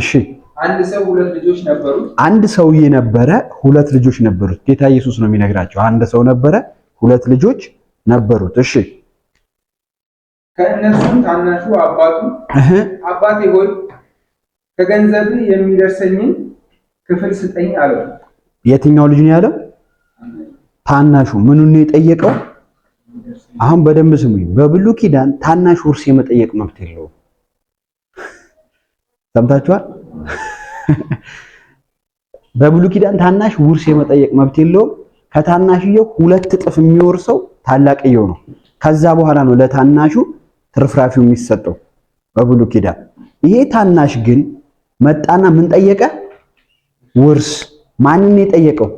እሺ አንድ ሰው ሁለት ልጆች ነበሩት። አንድ ሰውዬ ነበረ፣ ሁለት ልጆች ነበሩት። ጌታ ኢየሱስ ነው የሚነግራቸው። አንድ ሰው ነበረ፣ ሁለት ልጆች ነበሩት። እሺ ከእነሱም ታናሹ አባቱ እህ አባቴ ሆይ ከገንዘብ የሚደርሰኝን ክፍል ስጠኝ አለው። የትኛው ልጅ ነው ያለው? ታናሹ። ምኑን ነው የጠየቀው? አሁን በደንብ ስሙኝ። በብሉ ኪዳን ታናሽ ውርስ የመጠየቅ መብት የለውም። ሰምታችኋል። በብሉይ ኪዳን ታናሽ ውርስ የመጠየቅ መብት የለውም። ከታናሽየው ሁለት እጥፍ የሚወርሰው ታላቅየው ነው። ከዛ በኋላ ነው ለታናሹ ትርፍራፊው የሚሰጠው በብሉይ ኪዳን። ይሄ ታናሽ ግን መጣና ምን ጠየቀ? ውርስ። ማንን የጠየቀው?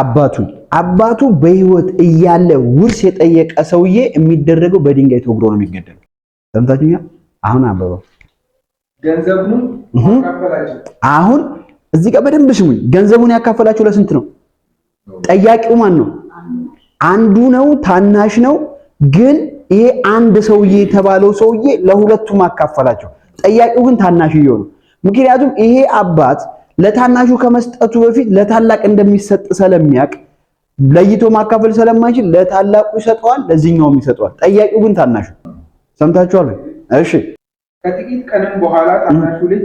አባቱን። አባቱ በህይወት እያለ ውርስ የጠየቀ ሰውዬ የሚደረገው በድንጋይ ተወግሮ ነው የሚገደለው። ሰምታችሁኛል? አሁን አንበባው አሁን እዚህ ጋር በደንብ ስሙኝ። ገንዘቡን ያካፈላችሁ ለስንት ነው? ጠያቂው ማን ነው? አንዱ ነው፣ ታናሽ ነው። ግን ይሄ አንድ ሰውዬ የተባለው ሰውዬ ለሁለቱም አካፈላቸው። ጠያቂው ግን ታናሽየው ነው። ምክንያቱም ይሄ አባት ለታናሹ ከመስጠቱ በፊት ለታላቅ እንደሚሰጥ ስለሚያውቅ ለይቶ ማካፈል ስለማይችል ለታላቁ ይሰጠዋል፣ ለዚህኛውም ይሰጠዋል። ጠያቂው ግን ታናሹ። ሰምታችኋል? እሺ ከጥቂት ቀንም በኋላ ታናሹ ልጅ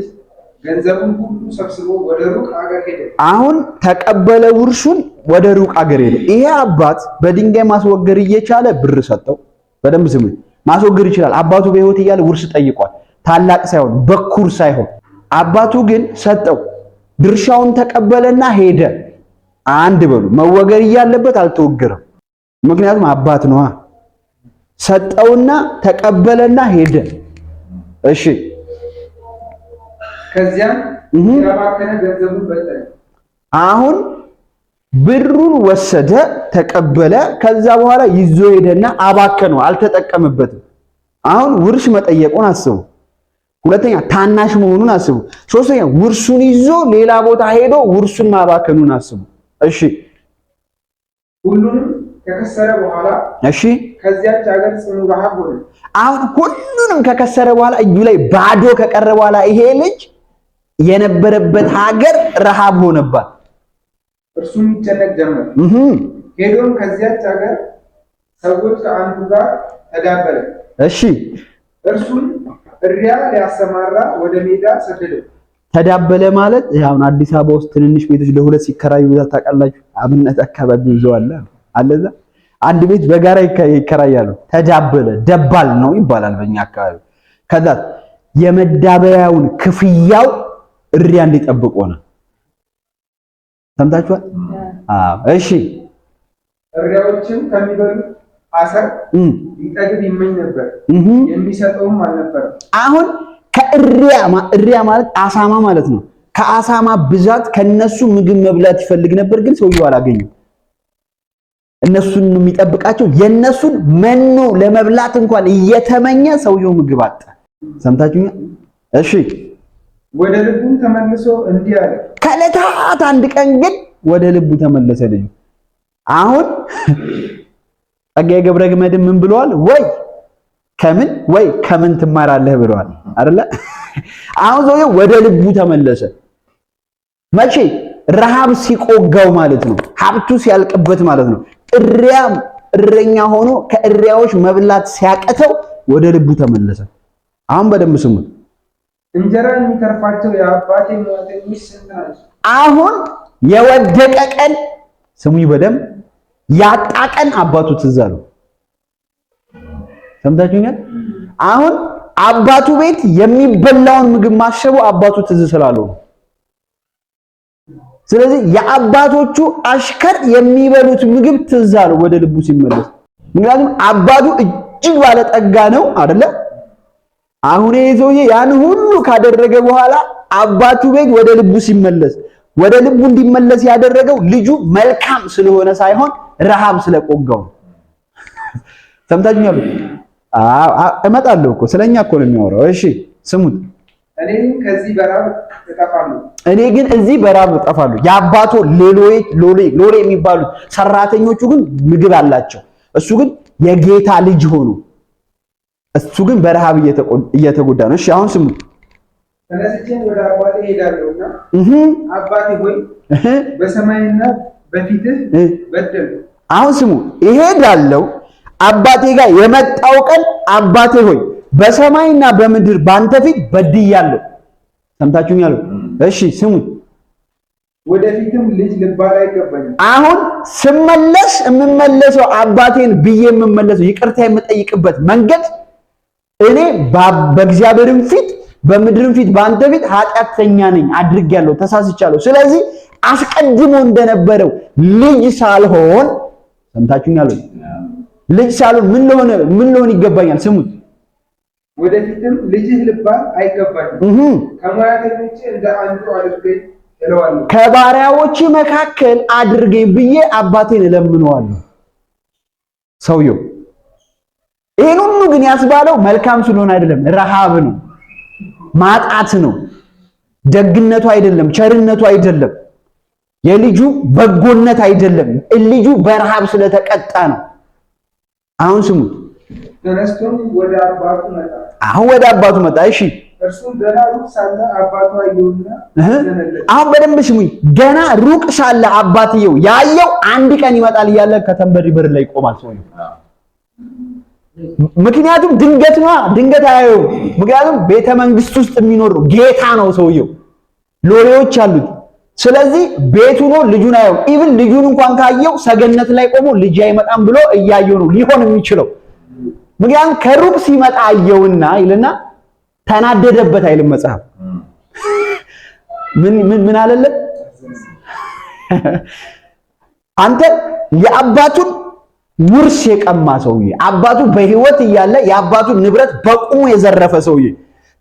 ገንዘቡን ሁሉ ሰብስቦ ወደ ሩቅ አገር ሄደ። አሁን ተቀበለ ውርሱን፣ ወደ ሩቅ አገር ሄደ። ይሄ አባት በድንጋይ ማስወገር እየቻለ ብር ሰጠው። በደንብ ስሙ። ማስወገር ይችላል። አባቱ በህይወት እያለ ውርስ ጠይቋል። ታላቅ ሳይሆን በኩር ሳይሆን አባቱ ግን ሰጠው። ድርሻውን ተቀበለና ሄደ። አንድ በሉ መወገር እያለበት አልተወገረም። ምክንያቱም አባት ነዋ። ሰጠውና ተቀበለና ሄደ። እሺ ከዚያም ያባከነ ገንዘቡን አሁን ብሩን ወሰደ ተቀበለ። ከዛ በኋላ ይዞ ሄደና አባከነው፣ አልተጠቀምበትም። አሁን ውርሽ መጠየቁን አስቡ። ሁለተኛ ታናሽ መሆኑን አስቡ። ሶስተኛ ውርሱን ይዞ ሌላ ቦታ ሄዶ ውርሱን ማባከኑን አስቡ። እሺ ሁሉንም ከከሰረ በኋላ እሺ ከዚያች ሀገር ጽኑ ረሃብ ሆነ። አሁን ሁሉንም ከከሰረ በኋላ እጁ ላይ ባዶ ከቀረ በኋላ ይሄ ልጅ የነበረበት ሀገር ረሃብ ሆነባት። እርሱም ይጨነቅ ጀመር። ሄዶም ከዚያች ሀገር ሰዎች ከአንዱ ጋር ተዳበረ። እሺ እርሱን እሪያ ሊያሰማራ ወደ ሜዳ ሰደደው። ተዳበለ ማለት አሁን አዲስ አበባ ውስጥ ትንንሽ ቤቶች ለሁለት ሲከራዩ ታውቃላችሁ። አብነት አካባቢ ይዘዋል አለዛ አንድ ቤት በጋራ ይከራያሉ። ተዳበለ ደባል ነው ይባላል በእኛ አካባቢ። ከዛ የመዳበያውን ክፍያው እሪያ እንዲጠብቅ ሆነ። ሰምታችኋል? አዎ። እሺ እሪያዎችን ከሚበሉ አሰር ይጠግብ ይመኝ ነበር፣ የሚሰጠውም አልነበረም። አሁን ከእሪያ እሪያ ማለት አሳማ ማለት ነው። ከአሳማ ብዛት ከነሱ ምግብ መብላት ይፈልግ ነበር፣ ግን ሰውየው አላገኘም። እነሱን የሚጠብቃቸው የእነሱን መኖ ለመብላት እንኳን እየተመኘ ሰውየው ምግብ አጣ። ሰምታችሁኛ? እሺ፣ ወደ ልቡ ተመልሶ እንዲህ አለ። ከዕለታት አንድ ቀን ግን ወደ ልቡ ተመለሰ ልጅ አሁን ጸጋዬ ገብረ ግመድን ምን ብለዋል? ወይ ከምን ወይ ከምን ትማራለህ ብለዋል አይደለ? አሁን ሰውየው ወደ ልቡ ተመለሰ። መቼ? ረሃብ ሲቆጋው ማለት ነው። ሀብቱ ሲያልቅበት ማለት ነው። እሪያም እረኛ ሆኖ ከእሪያዎች መብላት ሲያቀተው ወደ ልቡ ተመለሰ። አሁን በደንብ ስሙ። እንጀራ የሚተርፋቸው የአባቴ ሟተኞች አሁን የወደቀ ቀን ስሙ በደንብ ያጣ ቀን አባቱ ትዝ አለው። ሰምታችሁኛል? አሁን አባቱ ቤት የሚበላውን ምግብ ማሸቡ አባቱ ትዝ ስላለው ነው። ስለዚህ የአባቶቹ አሽከር የሚበሉት ምግብ ትዝ አለው ወደ ልቡ ሲመለስ። ምክንያቱም አባቱ እጅግ ባለጠጋ ነው አደለ? አሁን የሰውዬ ያን ሁሉ ካደረገ በኋላ አባቱ ቤት ወደ ልቡ ሲመለስ፣ ወደ ልቡ እንዲመለስ ያደረገው ልጁ መልካም ስለሆነ ሳይሆን ረሃብ ስለቆጋው። ሰምታችሁኛል? እመጣለሁ እኮ ስለኛ እኮ ነው የሚያወራው። እሺ ስሙት። እኔ ግን እዚህ በራብ እጠፋለሁ። የአባቶ ሎሌ ሎሌ የሚባሉት ሰራተኞቹ ግን ምግብ አላቸው። እሱ ግን የጌታ ልጅ ሆኖ እሱ ግን በረሃብ እየተጎዳ ነው። እሺ አሁን ስሙ። ተነስቼ ወደ አባቴ ሄዳለሁና አባቴ ሆይ በሰማይና በፊትህ አሁን ስሙ። እሄዳለሁ አባቴ ጋር የመጣው ቀን አባቴ ሆይ በሰማይና በምድር ባንተ ፊት በድያለሁ። ሰምታችሁኛል? እሺ ስሙ። ወደፊትም ልጅ ልባል አይገባኝም። አሁን ስመለስ የምመለሰው አባቴን ብዬ የምመለሰው ይቅርታ የምጠይቅበት መንገድ እኔ በእግዚአብሔርም ፊት በምድርም ፊት በአንተ ፊት ኃጢአተኛ ነኝ፣ አድርጌያለሁ፣ ተሳስቻለሁ። ስለዚህ አስቀድሞ እንደነበረው ልጅ ሳልሆን ሰምታችሁኛል? ልጅ ሳልሆን ምን ልሆን ይገባኛል? ስሙት ወደፊትም ልጅህ ልባ አይገባኝም ከሙያተኞቼ እንደ አንዱ አድርገኝ እለዋለሁ። ከባሪያዎች መካከል አድርገኝ ብዬ አባቴን እለምነዋለሁ። ሰውየው ይህን ሁሉ ግን ያስባለው መልካም ስለሆነ አይደለም፣ ረሃብ ነው፣ ማጣት ነው፣ ደግነቱ አይደለም፣ ቸርነቱ አይደለም፣ የልጁ በጎነት አይደለም። ልጁ በረሃብ ስለተቀጣ ነው። አሁን ስሙት። ተነስቶም ወደ አባቱ መጣ አሁን ወደ አባቱ መጣ። እሺ አሁን በደንብ ስሙኝ። ገና ሩቅ ሳለ አባትየው ያየው አንድ ቀን ይመጣል እያለ ከተንበሪ በር ላይ ይቆማል ሰውየው። ምክንያቱም ድንገት ነው፣ ድንገት አያየውም። ምክንያቱም ቤተ መንግስት ውስጥ የሚኖር ጌታ ነው ሰውየው፣ ሎሌዎች አሉት። ስለዚህ ቤቱ ነው፣ ልጁን አየው። ኢቭን ልጁን እንኳን ካየው ሰገነት ላይ ቆሞ ልጅ አይመጣም ብሎ እያየው ነው ሊሆን የሚችለው ምክንያቱም ከሩቅ ሲመጣ አየውና ይልና ተናደደበት አይልም መጽሐፍ። ምን ምን አለለ አንተ የአባቱን ውርስ የቀማ ሰውዬ፣ አባቱ በህይወት እያለ የአባቱን ንብረት በቁሙ የዘረፈ ሰውዬ፣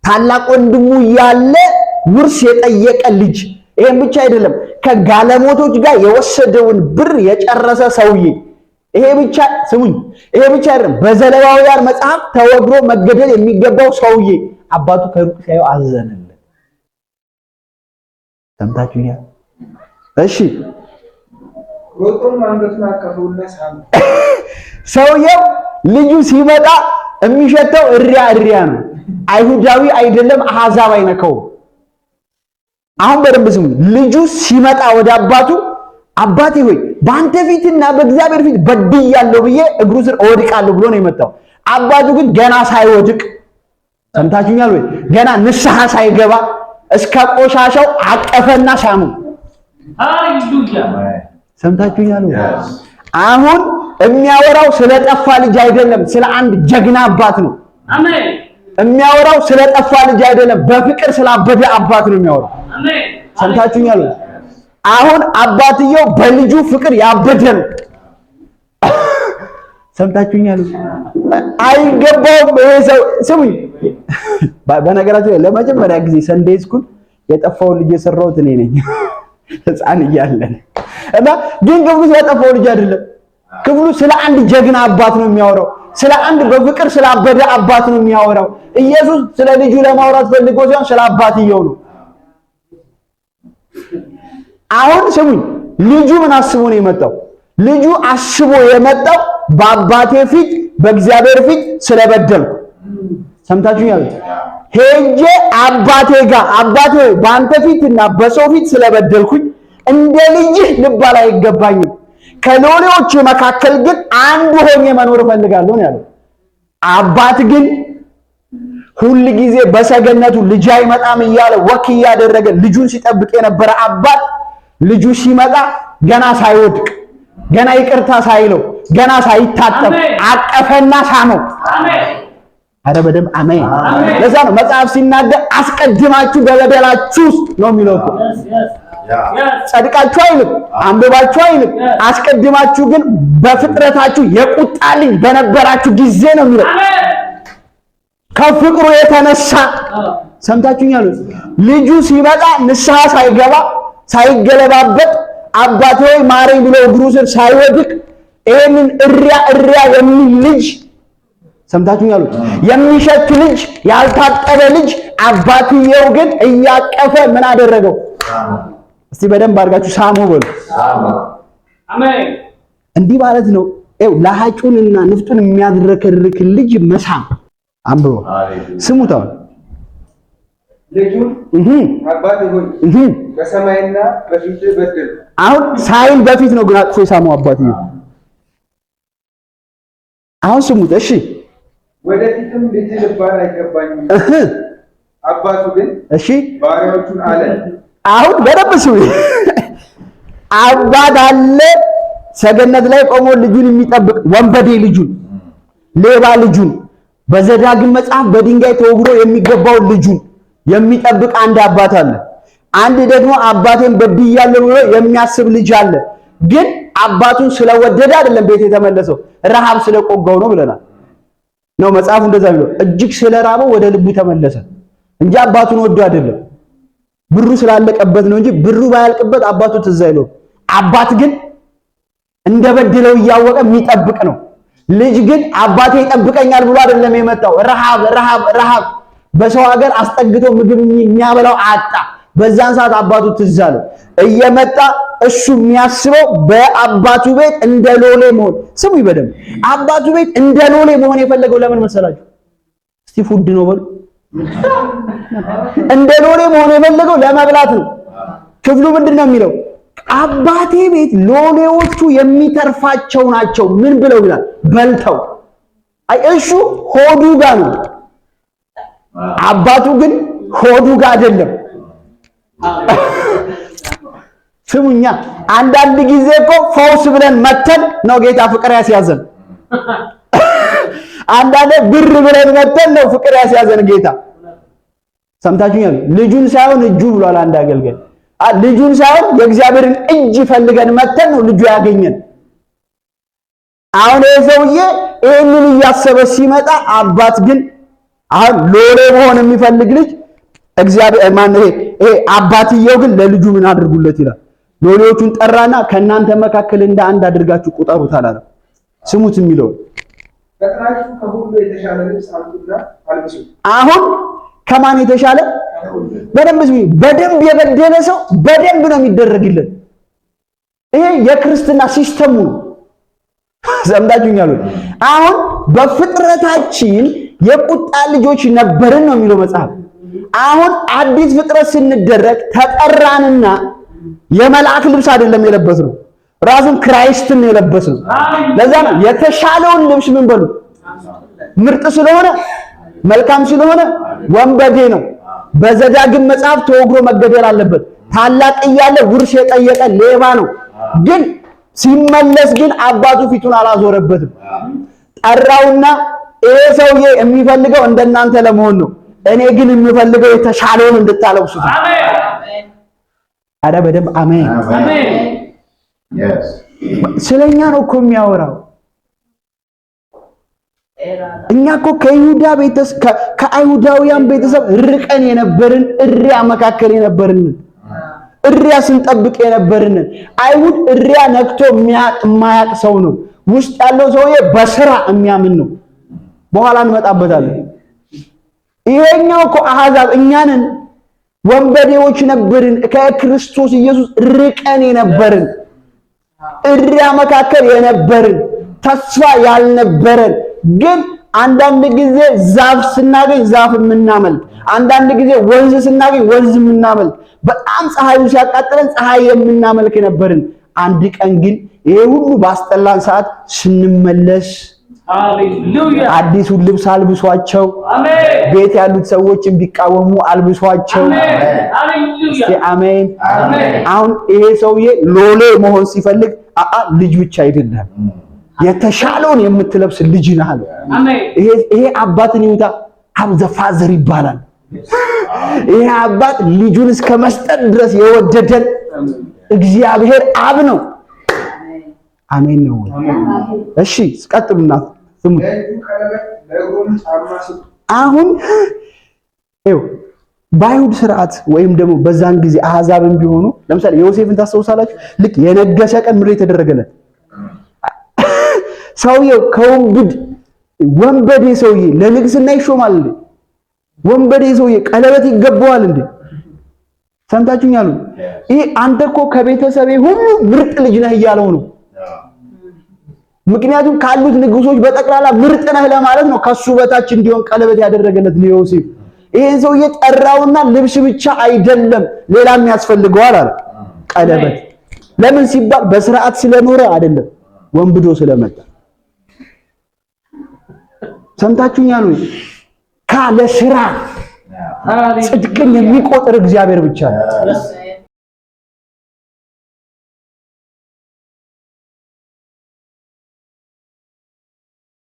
ታላቅ ወንድሙ እያለ ውርስ የጠየቀ ልጅ፣ ይህም ብቻ አይደለም ከጋለሞቶች ጋር የወሰደውን ብር የጨረሰ ሰውዬ ይሄ ብቻ ስሙኝ፣ ይሄ ብቻ አይደለም። በዘሌዋውያን መጽሐፍ ተወግሮ መገደል የሚገባው ሰውዬ አባቱ ከሩቅ ሲያየው አዘነለት። ሰምታችሁኛል? እሺ። ሰውየው ልጁ ሲመጣ የሚሸተው እሪያ እሪያ ነው። አይሁዳዊ አይደለም፣ አሕዛብ አይነካውም። አሁን በደንብ ስሙኝ። ልጁ ሲመጣ ወደ አባቱ አባቴ ሆይ በአንተ ፊትና በእግዚአብሔር ፊት በድያለሁ ብዬ እግሩ ስር እወድቃለሁ ብሎ ነው የመጣው። አባቱ ግን ገና ሳይወድቅ ሰምታችሁኛል ወይ? ገና ንስሐ ሳይገባ እስከ ቆሻሻው አቀፈና ሳሙ። ሰምታችሁኛል ወይ? አሁን የሚያወራው ስለጠፋ ልጅ አይደለም፣ ስለ አንድ ጀግና አባት ነው። የሚያወራው ስለጠፋ ልጅ አይደለም፣ በፍቅር ስላበደ አባት ነው የሚያወራው። ሰምታችሁኛል ወይ? አሁን አባትየው በልጁ ፍቅር ያበደን ሰምታችሁኛል። አይገባውም። ይሄ ሰው ስሙኝ። በነገራችሁ ላይ ለመጀመሪያ ጊዜ ሰንዴ ስኩል የጠፋውን ልጅ የሰራሁት እኔ ነኝ፣ ሕፃን እያለን እና ግን ክፍሉ ስለጠፋው ልጅ አይደለም። ክፍሉ ስለ አንድ ጀግና አባት ነው የሚያወራው። ስለ አንድ በፍቅር ስላበደ አባት ነው የሚያወራው። ኢየሱስ ስለ ልጁ ለማውራት ፈልጎ ሲሆን ስለ አባትየው ነው። አሁን ስሙኝ፣ ልጁ ምን አስቦ ነው የመጣው? ልጁ አስቦ የመጣው በአባቴ ፊት በእግዚአብሔር ፊት ስለበደልኩ ሰምታችሁ ያሉት ሄጄ አባቴ ጋር አባቴ በአንተ ፊት እና በሰው ፊት ስለበደልኩኝ እንደ ልጅህ ልባል አይገባኝም። ከሎሌዎች መካከል ግን አንዱ ሆኜ መኖር እፈልጋለሁ ያለው አባት ግን ሁል ጊዜ በሰገነቱ ልጅ አይመጣም እያለ ወክ እያደረገ ልጁን ሲጠብቅ የነበረ አባት ልጁ ሲመጣ ገና ሳይወድቅ ገና ይቅርታ ሳይለው ገና ሳይታጠብ አቀፈና ሳመው። አረ በደምብ አሜን። ለዛ ነው መጽሐፍ ሲናገር አስቀድማችሁ በበደላችሁ ውስጥ ነው የሚለው እኮ ጸድቃችሁ አይልም፣ አንብባችሁ አይልም። አስቀድማችሁ ግን በፍጥረታችሁ የቁጣ ልጅ በነበራችሁ ጊዜ ነው የሚለው ከፍቅሩ የተነሳ ሰምታችሁኛል። ልጁ ሲመጣ ንስሐ ሳይገባ ሳይገለባበጥ አባቴ ሆይ ማረኝ ብሎ እግሩ ስር ሳይወድቅ ይህንን እሪያ እሪያ የሚል ልጅ ሰምታችሁ ያሉት የሚሸት ልጅ ያልታጠበ ልጅ አባትየው ግን እያቀፈ ምን አደረገው? እስቲ በደንብ አድርጋችሁ ሳሙ በሉ። እንዲህ ማለት ነው። ይኸው ለሀጩንና ንፍጡን የሚያድረከርክ ልጅ መሳም አንብበው ስሙት አሁን አሁን ሳይል በፊት ነው ግን አቅፎ የሳመው አባትየው። አሁን ስሙት እሺ። ወደፊትም ልጅ ልባል አይገባኝም። አባቱ ግን እሺ ባሪያዎቹን አለ። አሁን በደንብ ስሙ። አባት አለ ሰገነት ላይ ቆሞ ልጁን የሚጠብቅ ወንበዴ ልጁን፣ ሌባ ልጁን፣ በዘዳግም መጽሐፍ በድንጋይ ተወግሮ የሚገባውን ልጁን የሚጠብቅ አንድ አባት አለ። አንድ ደግሞ አባቴን በድያለሁ ብሎ የሚያስብ ልጅ አለ። ግን አባቱን ስለወደደ አይደለም ቤት የተመለሰው፣ ረሃብ ስለቆጋው ነው ብለናል። ነው መጽሐፉ እንደዛ ቢለው እጅግ ስለራበው ወደ ልቡ ተመለሰ እንጂ አባቱን ወዶ አይደለም። ብሩ ስላለቀበት ነው እንጂ ብሩ ባያልቅበት አባቱ ትዝ አይለው። አባት ግን እንደበድለው እያወቀ የሚጠብቅ ነው። ልጅ ግን አባቴ ይጠብቀኛል ብሎ አይደለም የመጣው፣ ረሃብ ረሃብ ረሃብ በሰው ሀገር አስጠግቶ ምግብ የሚያበላው አጣ። በዛን ሰዓት አባቱ ትዝ አለው። እየመጣ እሱ የሚያስበው በአባቱ ቤት እንደ ሎሌ መሆን። ስሙ ይበደም አባቱ ቤት እንደ ሎሌ መሆን የፈለገው ለምን መሰላችሁ? እስቲ ፉድ ነው በሉ። እንደ ሎሌ መሆን የፈለገው ለመብላት ነው። ክፍሉ ምንድን ነው የሚለው? አባቴ ቤት ሎሌዎቹ የሚተርፋቸው ናቸው። ምን ብለው ይላል? በልተው። አይ እሱ ሆዱ ጋር ነው አባቱ ግን ሆዱ ጋር አይደለም። ስሙኛ፣ አንዳንድ ጊዜ እኮ ፈውስ ብለን መተን ነው ጌታ ፍቅር ያስያዘን። አንዳንዴ ብር ብለን መተን ነው ፍቅር ያስያዘን ጌታ። ሰምታችሁኛል? ልጁን ሳይሆን እጁ ብሏል አንድ አገልጋይ። ልጁን ሳይሆን የእግዚአብሔርን እጅ ፈልገን መተን ነው ልጁ ያገኘን። አሁን ይሄ ሰውዬ ይህንን እያሰበ ሲመጣ አባት ግን አሁን ሎሌ መሆን የሚፈልግ ልጅ እግዚአብሔር ማን ይሄ ይሄ አባትየው ግን ለልጁ ምን አድርጉለት ይላል። ሎሌዎቹን ጠራና ከእናንተ መካከል እንደ አንድ አድርጋችሁ ቁጠሩት አላለ። ስሙት የሚለው አሁን ከማን የተሻለ በደንብ በደንብ የበደለ ሰው በደንብ ነው የሚደረግለት። ይሄ የክርስትና ሲስተሙ ነው። ሰምታችሁኛል። አሁን በፍጥረታችን የቁጣ ልጆች ነበርን ነው የሚለው መጽሐፍ። አሁን አዲስ ፍጥረት ስንደረግ ተጠራንና የመልአክ ልብስ አይደለም ነው። ራሱን ክራይስትን ነው የለበስነው። ለዛ ነው የተሻለውን ልብስ ምን በሉ ምርጥ ስለሆነ መልካም ስለሆነ ወንበዴ ነው። በዘዳግም መጽሐፍ ተወግሮ መገደል አለበት። ታላቅ እያለ ውርስ የጠየቀ ሌባ ነው። ግን ሲመለስ ግን አባቱ ፊቱን አላዞረበትም። ጠራውና ይሄ ሰውዬ የሚፈልገው እንደናንተ ለመሆን ነው። እኔ ግን የሚፈልገው የተሻለውን እንድታለብሱት አሜን። አረ በደንብ አሜን። ስለኛ ነው እኮ የሚያወራው። እኛ እኮ ከይሁዳ ቤተሰብ ከአይሁዳውያን ቤተሰብ ርቀን የነበርን እሪያ መካከል የነበርን እሪያ ስንጠብቅ የነበርን አይሁድ እሪያ ነክቶ የማያቅ ሰው ነው። ውስጥ ያለው ሰውዬ በስራ የሚያምን ነው። በኋላ እንመጣበታለን። ይሄኛው እኮ አሕዛብ እኛንን ወንበዴዎች ነበርን፣ ከክርስቶስ ኢየሱስ ርቀን የነበርን እሪያ መካከል የነበርን ተስፋ ያልነበረን ግን አንዳንድ ጊዜ ዛፍ ስናገኝ ዛፍ የምናመልክ፣ አንዳንድ ጊዜ ወንዝ ስናገኝ ወንዝ የምናመልክ፣ በጣም ፀሐዩ ሲያቃጥለን ፀሐይ የምናመልክ ነበርን። አንድ ቀን ግን ይሄ ሁሉ ባስጠላን ሰዓት ስንመለስ አዲሱን ልብስ አልብሷቸው። ቤት ያሉት ሰዎችን ቢቃወሙ አልብሷቸው። አሜን። አሁን ይሄ ሰውዬ ሎሌ መሆን ሲፈልግ አአ ልጅ ብቻ አይደለም የተሻለውን የምትለብስ ልጅ ነህ አለ። ይሄ አባትን ይውታ ሀብዘ ፋዘር ይባላል። ይሄ አባት ልጁን እስከ መስጠት ድረስ የወደደን እግዚአብሔር አብ ነው። አሜን ነው። እሺ ቀጥሉና ስሙ። አሁን ይኸው በአይሁድ ስርዓት ወይም ደግሞ በዛን ጊዜ አህዛብም ቢሆኑ ለምሳሌ ዮሴፍን ታስታውሳላችሁ። ልክ የነገሰ ቀን ምድር የተደረገለት ሰውየው ከወንብድ ወንበዴ ሰውዬ ለንግስና ይሾማል እንዴ? ወንበዴ ሰውዬ ቀለበት ይገባዋል እንዴ? ሰምታችሁኛል? ይህ አንተ እኮ ከቤተሰቤ ሁሉ ምርጥ ልጅ ነህ እያለው ነው። ምክንያቱም ካሉት ንጉሶች በጠቅላላ ምርጥ ነህ ለማለት ነው። ከሱ በታች እንዲሆን ቀለበት ያደረገለት ለዮሴፍ ይህን ሰው ጠራውና ልብስ ብቻ አይደለም ሌላም ያስፈልገዋል አለ። ቀለበት ለምን ሲባል በስርዓት ስለኖረ አይደለም ወንብዶ ስለመጣ። ሰምታችሁኛል? ካለ ስራ ጽድቅን የሚቆጥር እግዚአብሔር ብቻ ነው።